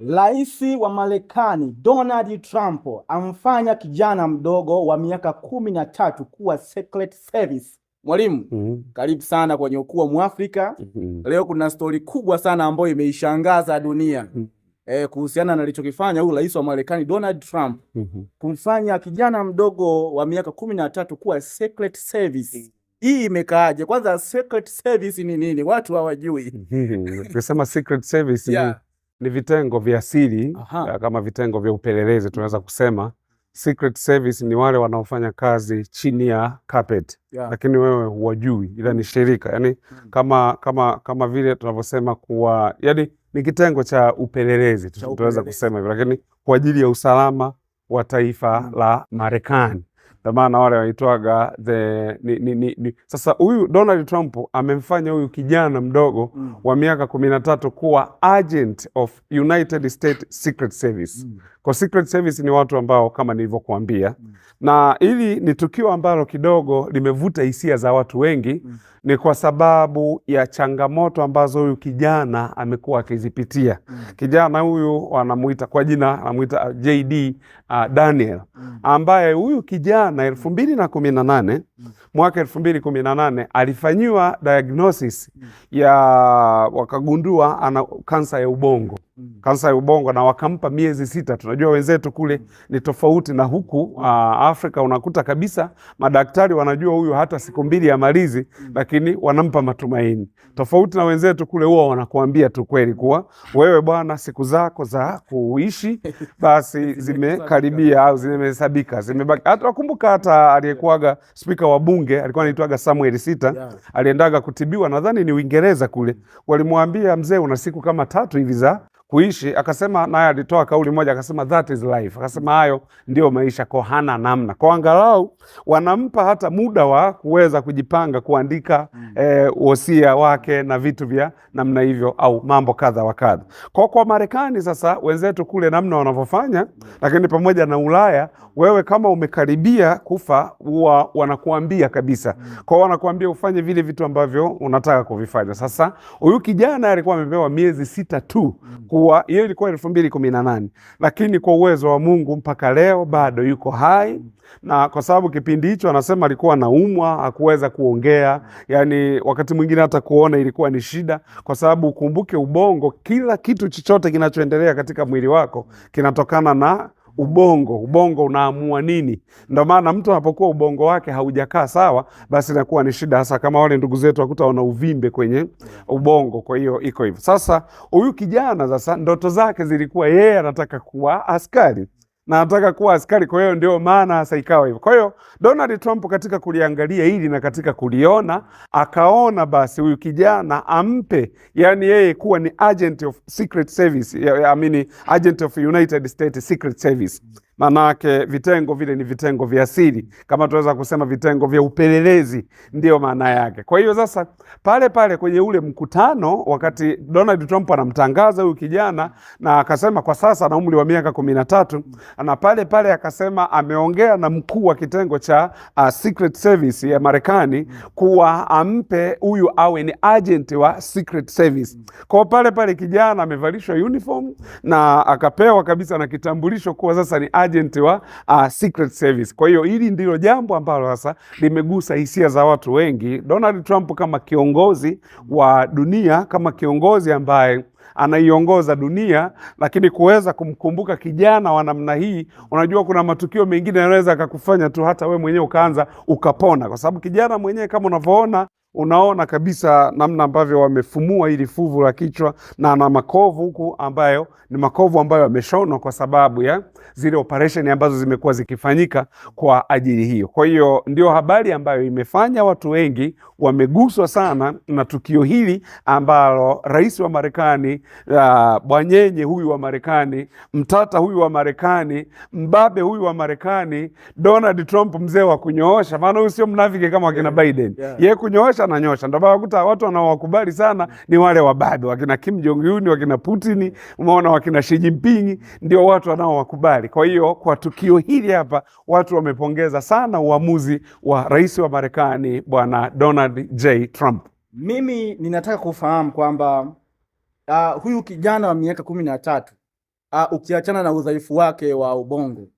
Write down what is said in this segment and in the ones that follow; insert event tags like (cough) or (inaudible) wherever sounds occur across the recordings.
Rais wa Marekani Donald Trump amfanya kijana mdogo wa miaka kumi na tatu kuwa Secret Service. Mwalimu, mm -hmm. Karibu sana kwenye Ukuu wa Mwafrika. mm -hmm. Leo kuna stori kubwa sana ambayo imeishangaza dunia mm -hmm. E, kuhusiana na alichokifanya huyu rais wa Marekani Donald Trump mm -hmm. kumfanya kijana mdogo wa miaka kumi na tatu kuwa Secret Service mm -hmm. Hii imekaaje? Kwanza Secret Service ni nini? Watu hawajui. Tukisema mm-hmm. Secret Service yeah ni vitengo vya siri eh, kama vitengo vya upelelezi tunaweza kusema. Secret Service ni wale wanaofanya kazi chini ya carpet yeah. Lakini wewe huwajui, ila ni mm. shirika yani mm. kama, kama, kama vile tunavyosema kuwa yani ni kitengo cha upelelezi tunaweza kusema hivyo, lakini kwa ajili ya usalama wa taifa mm. la Marekani ndio maana wale waitwaga the ni, ni, ni, ni. Sasa huyu Donald Trump amemfanya huyu kijana mdogo mm. wa miaka kumi na tatu kuwa agent of United States Secret Service mm. kwa Secret Service ni watu ambao kama nilivyokuambia mm. na hili ni tukio ambalo kidogo limevuta hisia za watu wengi mm ni kwa sababu ya changamoto ambazo huyu kijana amekuwa akizipitia. mm. Kijana huyu wanamuita kwa jina anamuita uh, JD uh, Daniel mm. ambaye huyu kijana mm. elfu mbili na kumi na nane mm. mwaka elfu mbili kumi na nane alifanyiwa diagnosis mm. ya wakagundua ana kansa ya ubongo mm. kansa ya ubongo na wakampa miezi sita. Tunajua wenzetu kule mm. ni tofauti na huku mm. uh, Afrika unakuta kabisa madaktari wanajua huyu hata siku mbili ya malizi mm. lakini lakini wanampa matumaini, tofauti na wenzetu kule huwa wanakuambia tu kweli kuwa wewe bwana, siku zako za kuishi (laughs) basi zimekaribia au zimehesabika, zimebaki. Hata wakumbuka hata aliyekuwaga spika wa bunge alikuwa anaitwaga Samuel Sita, aliendaga kutibiwa nadhani ni Uingereza kule, walimwambia mzee, una siku kama tatu hivi za kuishi. Akasema naye alitoa kauli moja akasema, that is life, akasema hayo ndio maisha, kwa hana namna, kwa angalau wanampa hata muda wa kuweza kujipanga kuandika mm. eh, wosia wake na vitu vya namna hivyo au mambo kadha wa kadha. Kwa kwa Marekani sasa wenzetu kule namna wanavyofanya mm. lakini pamoja na Ulaya, wewe kama umekaribia kufa huwa wanakuambia kabisa mm. kwa wanakuambia ufanye vile vitu ambavyo unataka kuvifanya. Sasa huyu kijana alikuwa amepewa miezi sita tu mm kuwa hiyo ilikuwa elfu mbili kumi na nane lakini kwa uwezo wa Mungu mpaka leo bado yuko hai, na kwa sababu kipindi hicho anasema alikuwa anaumwa, hakuweza kuongea, yani wakati mwingine hata kuona ilikuwa ni shida, kwa sababu ukumbuke, ubongo, kila kitu chochote kinachoendelea katika mwili wako kinatokana na ubongo. Ubongo unaamua nini? Ndio maana mtu anapokuwa ubongo wake haujakaa sawa, basi inakuwa ni shida, hasa kama wale ndugu zetu wakuta wana uvimbe kwenye ubongo. Kwa hiyo iko hivyo. Sasa huyu kijana sasa, ndoto zake zilikuwa yeye anataka kuwa askari na anataka kuwa askari. Kwa hiyo ndio maana hasa ikawa hivyo. Kwa hiyo Donald Trump katika kuliangalia hili na katika kuliona, akaona basi huyu kijana ampe, yani yeye kuwa ni agent of secret service, I mean agent of United States Secret Service. Maanake vitengo vile ni vitengo vya siri, kama tunaweza kusema vitengo vya upelelezi, ndiyo maana yake. Kwa hiyo sasa, pale pale kwenye ule mkutano, wakati Donald Trump anamtangaza huyu kijana na akasema kwa sasa ana umri wa miaka kumi na tatu, na pale pale akasema ameongea na mkuu wa kitengo cha uh, Secret Service ya Marekani kuwa ampe huyu awe ni agent wa Secret Service. Kwa pale pale kijana amevalishwa uniform na akapewa kabisa na kitambulisho kuwa sasa ni agent agent wa uh, Secret Service. Kwa hiyo hili ndilo jambo ambalo sasa limegusa hisia za watu wengi. Donald Trump kama kiongozi wa dunia, kama kiongozi ambaye anaiongoza dunia, lakini kuweza kumkumbuka kijana wa namna hii, unajua kuna matukio mengine yanaweza akakufanya tu hata we mwenyewe ukaanza ukapona, kwa sababu kijana mwenyewe kama unavyoona unaona kabisa namna ambavyo wamefumua hili fuvu la kichwa na na makovu huku, ambayo ni makovu ambayo yameshonwa kwa sababu ya zile operesheni ambazo zimekuwa zikifanyika kwa ajili hiyo. Kwa hiyo ndio habari ambayo imefanya watu wengi wameguswa sana na tukio hili ambalo rais wa Marekani uh, bwanyenye huyu wa Marekani, mtata huyu wa Marekani, mbabe huyu wa Marekani, Donald Trump mzee wa kunyoosha, maana huyu sio mnafiki kama wakina Biden, yeye kunyoosha ananyosha. Ndio maana wakuta watu wanaowakubali sana ni wale wababe, wakina Kim Jong Un, wakina Putin, umeona wakina Xi Jinping, ndio watu wanaowakubali. Kwa hiyo kwa tukio hili hapa watu wamepongeza sana uamuzi wa rais wa Marekani Bwana Donald J Trump. Mimi ninataka kufahamu kwamba uh, huyu kijana wa miaka kumi na tatu uh, ukiachana na udhaifu wake wa ubongo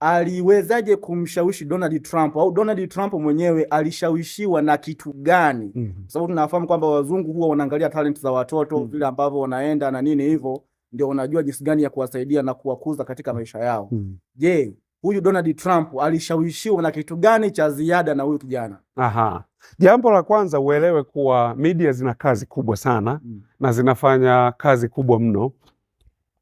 aliwezaje kumshawishi Donald Trump au Donald Trump mwenyewe alishawishiwa na kitu gani? mm -hmm. sababu tunafahamu kwamba wazungu huwa wanaangalia talent za watoto mhm. vile mm -hmm. ambavyo wanaenda na nini hivyo, ndio wanajua jinsi gani ya kuwasaidia na kuwakuza katika maisha yao. mm -hmm. Je, huyu Donald Trump alishawishiwa na kitu gani cha ziada na huyu kijana? Aha. Jambo la kwanza uelewe kuwa media zina kazi kubwa sana mm -hmm. na zinafanya kazi kubwa mno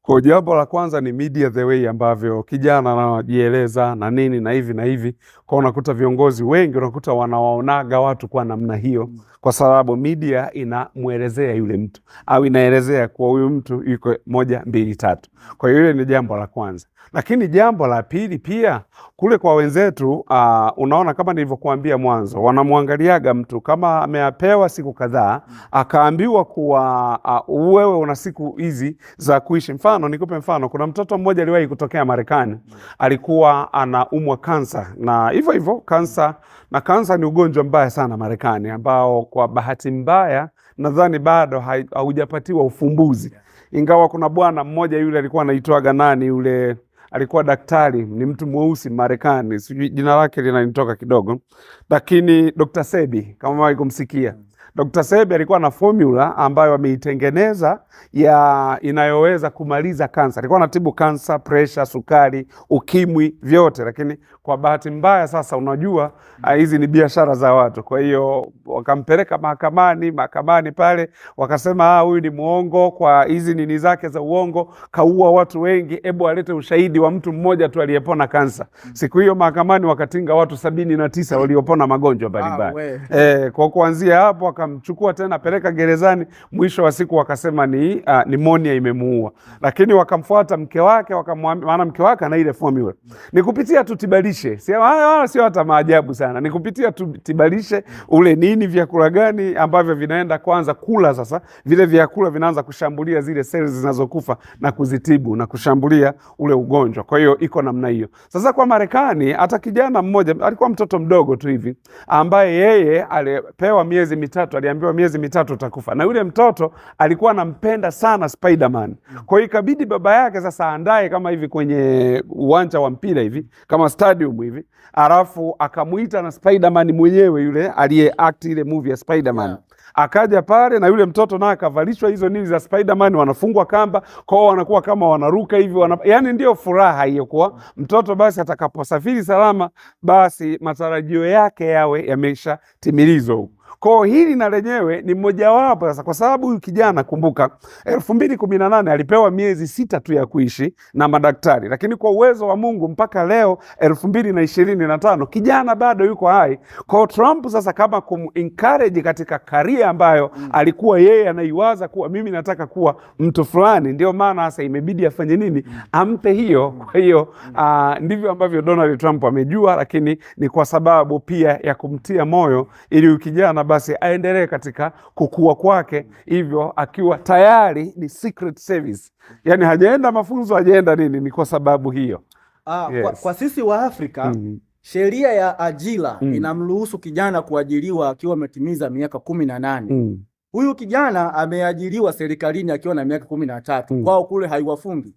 kwa jambo la kwanza ni media, the way ambavyo kijana anajieleza na nini na hivi na hivi, kwa unakuta viongozi wengi unakuta wanawaonaga watu kwa namna hiyo, kwa sababu media inamwelezea yule mtu au inaelezea kuwa huyu mtu yuko moja mbili tatu. Kwa hiyo ile ni jambo la kwanza, lakini jambo la pili pia kule kwa wenzetu uh, unaona kama nilivyokuambia mwanzo, wanamwangaliaga mtu kama ameapewa siku kadhaa akaambiwa kuwa uh, wewe una siku hizi za kuishi mfano mfano, nikupe mfano, kuna mtoto mmoja aliwahi kutokea Marekani, alikuwa anaumwa kansa na hivyo hivyo kansa, na kansa ni ugonjwa mbaya sana Marekani, ambao kwa bahati mbaya nadhani bado haujapatiwa ufumbuzi, ingawa kuna bwana mmoja yule alikuwa anaitwaga nani yule alikuwa daktari, ni mtu mweusi Marekani, sijui jina lake linanitoka kidogo, lakini Dr. Sebi kama wahi kumsikia Dr. Sebi alikuwa na formula ambayo ameitengeneza ya inayoweza kumaliza kansa. Alikuwa anatibu kansa, presha, sukari, ukimwi, vyote, lakini kwa bahati mbaya sasa, unajua ah, hizi ni biashara za watu. Kwa hiyo wakampeleka mahakamani. Mahakamani pale wakasema, ah, huyu ni mwongo kwa hizi nini zake za uongo, kaua watu wengi, hebu alete ushahidi wa mtu mmoja tu aliyepona kansa. Siku hiyo mahakamani wakatinga watu sabini na tisa waliopona magonjwa mbalimbali. Ah, e, kwa kuanzia hapo waka wakamchukua tena peleka gerezani, mwisho wa siku wakasema ni uh, nimonia imemuua, lakini wakamfuata mke wake wakamwambia, maana mke wake ana ile formula, nikupitia tutibalishe, sio ah, sio hata maajabu sana, nikupitia tutibalishe ule nini, vyakula gani ambavyo vinaenda kwanza kula. Sasa vile vyakula vinaanza kushambulia zile seli zinazokufa na kuzitibu na kushambulia ule ugonjwa. Kwa hiyo iko namna hiyo. Sasa kwa Marekani, hata kijana mmoja alikuwa mtoto mdogo tu hivi ambaye yeye alipewa miezi mitatu mtoto aliambiwa miezi mitatu utakufa. Na yule mtoto alikuwa anampenda sana Spiderman, mm. kwa hiyo ikabidi baba yake sasa andae kama hivi kwenye uwanja wa mpira hivi kama stadium hivi, alafu akamwita na Spiderman mwenyewe yule aliye act ile movie ya Spiderman yeah. Akaja pale na yule mtoto naye akavalishwa hizo nini za Spiderman, wanafungwa kamba kwao, wanakuwa kama wanaruka hivi wana... yani ndio furaha hiyo kuwa mtoto. Basi atakaposafiri salama, basi matarajio yake yawe yameshatimilizwa huko. Kwa hili na lenyewe ni mmojawapo sasa, kwa sababu huyu kijana kumbuka, elfu mbili kumi na nane alipewa miezi sita tu ya kuishi na madaktari, lakini kwa uwezo wa Mungu mpaka leo elfu mbili na ishirini na tano kijana bado yuko hai. Kwa Trump sasa kama kumencourage katika karia ambayo mm, alikuwa yeye anaiwaza kuwa mimi nataka kuwa mtu fulani, ndio maana sasa imebidi afanye nini, mm. ampe hiyo. Kwa hiyo uh, ndivyo ambavyo Donald Trump amejua, lakini ni kwa sababu pia ya kumtia moyo ili ukijana basi aendelee katika kukua kwake, hivyo akiwa tayari ni secret service, yani hajaenda mafunzo, hajaenda nini. Ni kwa sababu hiyo. Ah, yes. Kwa, kwa sisi wa Afrika mm -hmm. sheria ya ajira mm -hmm. inamruhusu kijana kuajiriwa akiwa ametimiza miaka kumi na nane mm -hmm. Huyu kijana ameajiriwa serikalini akiwa na miaka kumi na tatu. Mm. Kwao kule haiwafungi.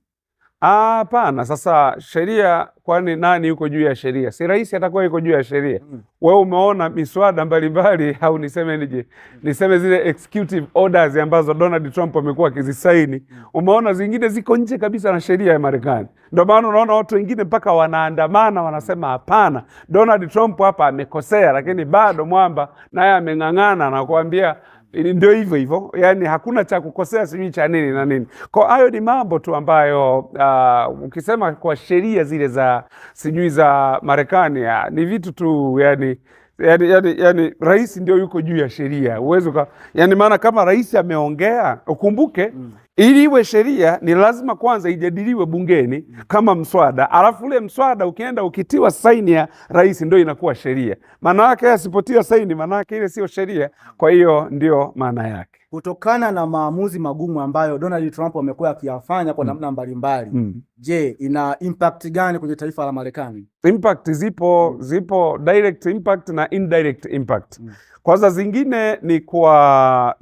Hapana. Sasa sheria, kwani nani yuko juu ya sheria? Si rais atakuwa yuko juu ya sheria? mm. Wewe umeona miswada mbalimbali (laughs) au niseme nije, mm. niseme zile executive orders ambazo Donald Trump amekuwa akizisaini, mm. umeona zingine ziko nje kabisa na sheria ya Marekani. Ndio maana unaona watu wengine mpaka wanaandamana, wanasema hapana, Donald Trump hapa amekosea, lakini bado mwamba naye ameng'ang'ana na kuambia ndio hivyo hivyo, yani hakuna cha kukosea, sijui cha nini na nini. Kwa hayo ni mambo tu ambayo uh, ukisema kwa sheria zile za sijui za Marekani uh, ni vitu tu yani yani, yani, yani rais ndio yuko juu ya sheria uwezo ka, yani maana kama rais ameongea ukumbuke mm. Ili iwe sheria ni lazima kwanza ijadiliwe bungeni mm. kama mswada, alafu ule mswada ukienda ukitiwa saini ya rais ndio inakuwa sheria. Maana yake asipotia saini, maana yake ile sio sheria. Kwa hiyo ndio maana yake kutokana na maamuzi magumu ambayo Donald Trump amekuwa akiyafanya kwa mm. namna mbalimbali mm. Je, ina impact gani kwenye taifa la Marekani? Impact zipo mm. zipo direct impact na indirect impact mm. Kwanza zingine ni kwa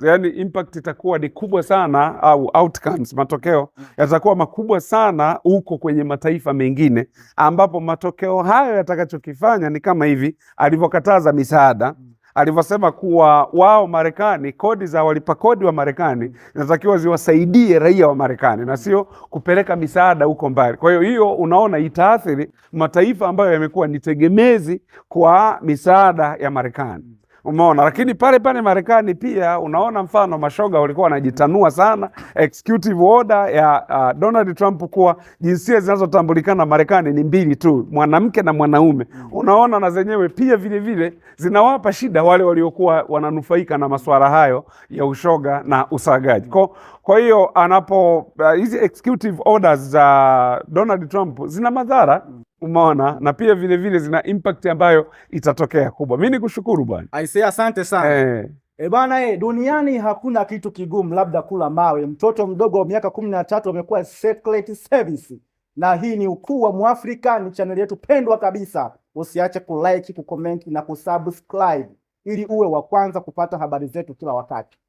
yani, impact itakuwa ni kubwa sana au outcomes, matokeo mm. yatakuwa makubwa sana huko kwenye mataifa mengine, mm. ambapo matokeo hayo yatakachokifanya ni kama hivi alivyokataza misaada mm alivyosema kuwa wao Marekani, kodi za walipa kodi wa Marekani zinatakiwa ziwasaidie raia wa Marekani na sio kupeleka misaada huko mbali. Kwa hiyo hiyo, unaona itaathiri mataifa ambayo yamekuwa ni tegemezi kwa misaada ya Marekani. Umeona, lakini pale pale Marekani pia unaona mfano mashoga walikuwa wanajitanua sana executive order ya uh, Donald Trump kuwa jinsia zinazotambulikana Marekani ni mbili tu, mwanamke na mwanaume. Unaona, na zenyewe pia vile vile zinawapa shida wale waliokuwa wananufaika na masuala hayo ya ushoga na usagaji. Kwa, kwa hiyo anapo uh, hizi uh, executive orders za uh, Donald Trump zina madhara Umeona, na pia vile vile zina impact ambayo itatokea kubwa. Mimi nikushukuru bwana Aisee, asante sana eh. E eh, bana e, eh, duniani hakuna kitu kigumu labda kula mawe. Mtoto mdogo wa miaka kumi na tatu amekuwa Secret Service, na hii ni ukuu wa Mwafrika, ni chaneli yetu pendwa kabisa. Usiache kulike, kucomment na kusubscribe ili uwe wa kwanza kupata habari zetu kila wakati.